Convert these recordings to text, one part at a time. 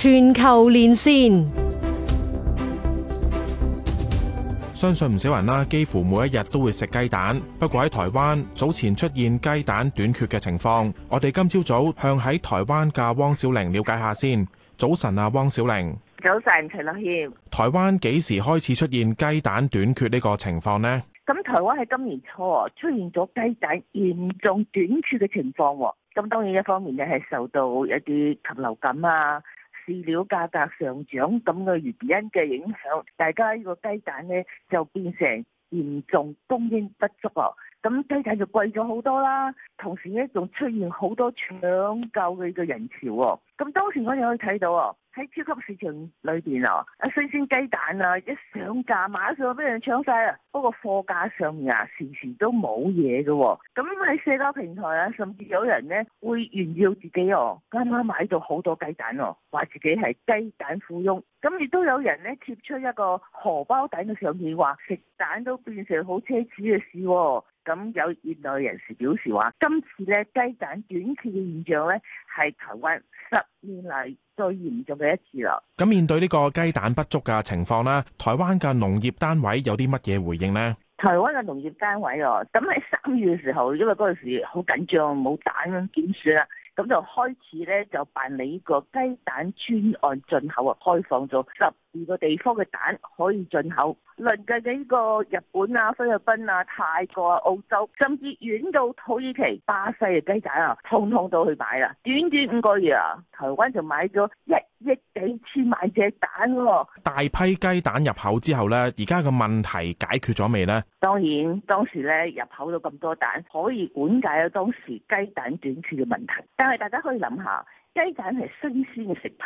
全球連線，相信唔少人啦，幾乎每一日都會食雞蛋。不過喺台灣早前出現雞蛋短缺嘅情況，我哋今朝早向喺台灣嘅汪小玲了解下先。早晨啊，汪小玲，早晨，陳樂謙。台灣幾時開始出現雞蛋短缺呢個情況呢？咁台灣喺今年初出現咗雞蛋嚴重短缺嘅情況，咁當然一方面就係受到一啲禽流感啊。飼料價格上漲咁嘅原因嘅影響，大家呢個雞蛋呢就變成嚴重供應不足啊。咁雞蛋就貴咗好多啦，同時呢仲出現好多搶佢嘅人潮。咁當時我哋可以睇到喎，喺超級市場裏邊啊，啊新鮮雞蛋啊一上架馬上俾人搶晒啊！不過貨架上面啊時時都冇嘢㗎喎。咁、嗯、喺社交平台啊，甚至有人呢，會炫耀自己哦、啊，啱啱買到好多雞蛋喎、啊，話自己係雞蛋富翁。咁、嗯、亦都有人呢，貼出一個荷包蛋嘅相片，話食蛋都變成好奢侈嘅事喎、啊。咁有業內人士表示話，今次咧雞蛋短缺嘅現象咧係台灣十年嚟最嚴重嘅一次喇。咁面對呢個雞蛋不足嘅情況啦，台灣嘅農業單位有啲乜嘢回應呢？台灣嘅農業單位喎，咁喺三月嘅時候，因為嗰陣時好緊張，冇蛋咁點算啊？咁就開始咧就辦理呢個雞蛋專案進口啊，開放咗，二個地方嘅蛋可以進口，鄰近嘅呢個日本啊、菲律賓啊、泰國啊、澳洲，甚至遠到土耳其、巴西嘅雞蛋啊，通通都去買啦。短短五個月啊，台灣就買咗一億幾千萬隻蛋。大批雞蛋入口之後呢，而家個問題解決咗未呢？當然，當時呢入口到咁多蛋，可以緩解當時雞蛋短缺嘅問題。但係大家可以諗下，雞蛋係新鮮嘅食品，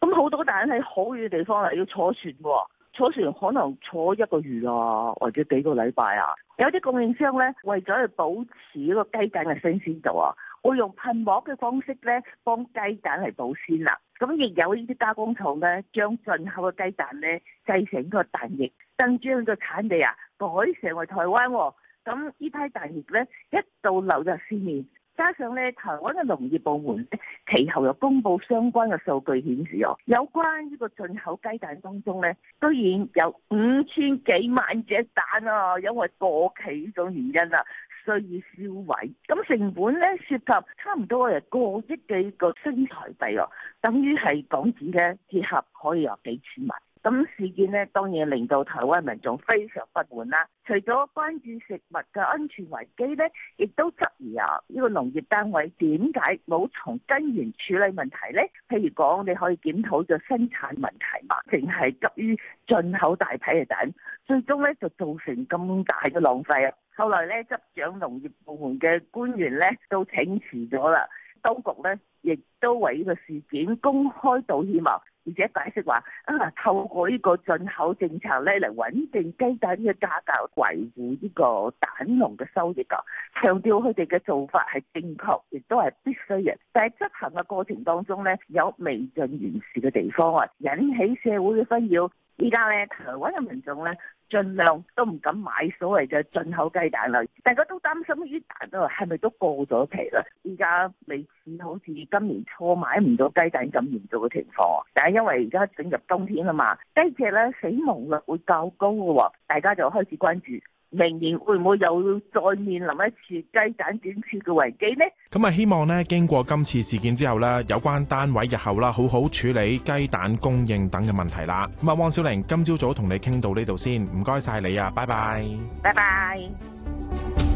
咁好多。蛋喺好遠嘅地方啊，要坐船喎，坐船可能坐一個月啊，或者幾個禮拜啊。有啲供應商咧，為咗去保持個雞蛋嘅新鮮度啊，會用噴膜嘅方式咧幫雞蛋嚟保鮮啦。咁亦有呢啲加工廠咧，將進口嘅雞蛋咧製成個蛋液，並將個產地啊改成為台灣、哦。咁呢批蛋液咧一度流入市面。加上咧，台灣嘅農業部門其後又公布相關嘅數據顯示哦，有關呢個進口雞蛋當中咧，居然有五千幾萬隻蛋啊，因為過期呢種原因啊，需要燒燬。咁成本咧涉及差唔多係過億幾個新台幣哦、啊，等於係港紙嘅結合可以有幾千萬。咁事件呢，當然令到台灣民眾非常不滿啦。除咗關注食物嘅安全危機呢，亦都質疑啊，呢個農業單位點解冇從根源處理問題呢？譬如講，你可以檢討嘅生產問題嘛，淨係急於進口大批嘅蛋，最終呢就造成咁大嘅浪費啊！後來呢，執掌農業部門嘅官員呢都請辭咗啦，當局呢亦都為呢個事件公開道歉啊。而且解釋話啊，嗯，透過呢個進口政策咧嚟穩定雞蛋嘅價格，維護呢個蛋農嘅收益啊！強調佢哋嘅做法係正確，亦都係必須嘅，但係執行嘅過程當中咧有未盡完善嘅地方啊，引起社會嘅紛擾。依家咧，台灣嘅民眾咧，盡量都唔敢買所謂嘅進口雞蛋啦，大家都擔心啲蛋啊係咪都過咗期啦？依家未似好似今年初買唔到雞蛋咁嚴重嘅情況，但係因為而家整入冬天啦嘛，雞隻咧死亡率會較高嘅、啊，大家就開始關注。明年會唔會又再面臨一次雞蛋短缺嘅危機呢？咁啊，希望呢經過今次事件之後咧，有關單位日後啦，好好處理雞蛋供應等嘅問題啦。咁啊，汪小玲，今朝早同你傾到呢度先，唔該晒你啊，拜拜，拜拜。